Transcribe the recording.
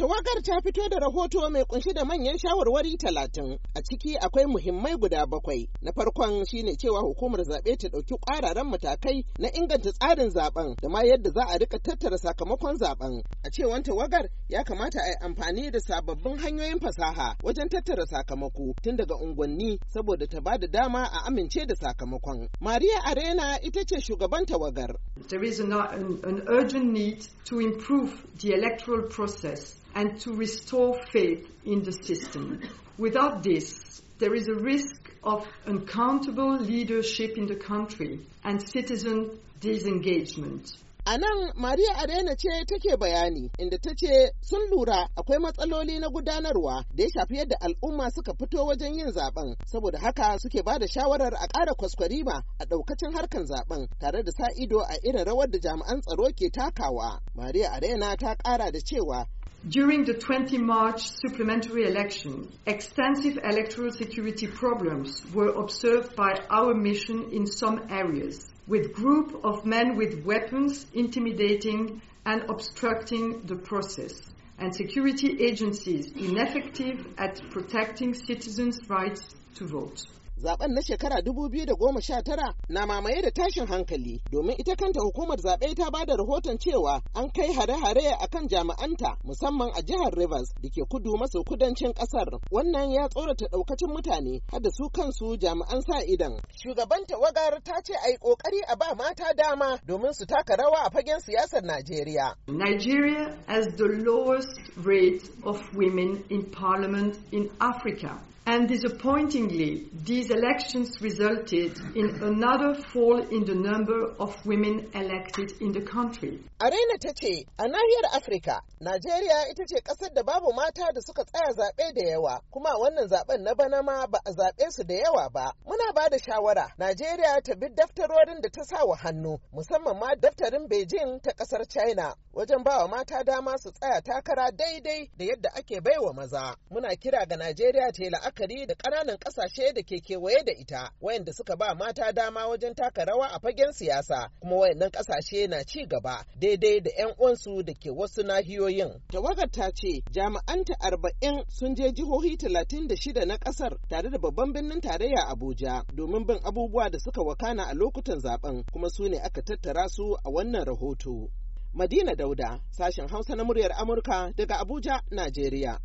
Tawagar ta fito da rahoto mai kunshi da manyan shawarwari talatin a ciki akwai muhimmai guda bakwai. Na farkon shine cewa hukumar zaɓe ta ɗauki ƙwararan matakai na inganta tsarin zaɓen da ma yadda za a rika tattara sakamakon zaɓen. A cewan tawagar ya kamata a yi amfani da sababbin hanyoyin fasaha wajen tattara sakamako tun daga unguwanni saboda ta ba da dama a amince da sakamakon. Maria Arena ita ce shugaban tawagar. There is an, an urgent need to improve the electoral process and to restore faith in the system. Without this, there is a risk of uncountable leadership in the country and citizen disengagement. A nan Maria Arena ce take bayani inda ta ce sun lura akwai matsaloli na gudanarwa da ya shafi yadda al'umma suka fito wajen yin zaben saboda haka suke ba da shawarar a ƙara kwaskwarima a ɗaukacin harkan zaben tare da sa ido a irin rawar da jami'an tsaro ke takawa. Maria Arena ta ƙara da cewa during the 20 March supplementary election, extensive electoral security problems were observed by our mission in some areas, with groups of men with weapons intimidating and obstructing the process, and security agencies ineffective at protecting citizens' rights to vote. zaben na shekara 2019 na mamaye da tashin hankali domin ita kanta hukumar zaɓe ta ba da rahoton cewa an kai hare-hare a kan jami'anta musamman a jihar Rivers da ke kudu maso kudancin ƙasar. Wannan ya tsorata ɗaukacin mutane har da su kansu jami'an sa idan. Shugaban tawagar ta ce a yi ƙoƙari a ba mata dama domin su taka rawa a fagen siyasar Najeriya. Nigeria has the lowest rate of women in parliament in Africa. and disappointingly, these elections resulted in another fall in the number of women elected in the country. raina ta ce, a nahiyar Afirka, Najeriya ita ce ƙasar da babu mata da suka tsaya zaɓe da yawa, kuma wannan zaɓen na bana ma ba a zaɓe su da yawa ba. Muna ba da shawara, Najeriya ta bi daftarorin da ta sa wa hannu, musamman ma daftarin Beijing ta ƙasar China, wajen ba wa mata dama su tsaya takara daidai da yadda ake baiwa maza. Muna kira ga Najeriya ta la'akari da ƙananan ƙasashe da ke kewaye da ita wayanda suka ba mata dama wajen taka rawa a fagen siyasa kuma wayannan ƙasashe na ci gaba daidai da 'yan uwansu da ke wasu nahiyoyin. Tawagar ta ce jami'anta arba'in sun je jihohi talatin da shida na ƙasar tare da babban birnin tarayya Abuja domin bin abubuwa da suka wakana a lokutan zaben kuma su ne aka tattara su a wannan rahoto. Madina Dauda, sashen Hausa na muryar Amurka daga Abuja, Najeriya.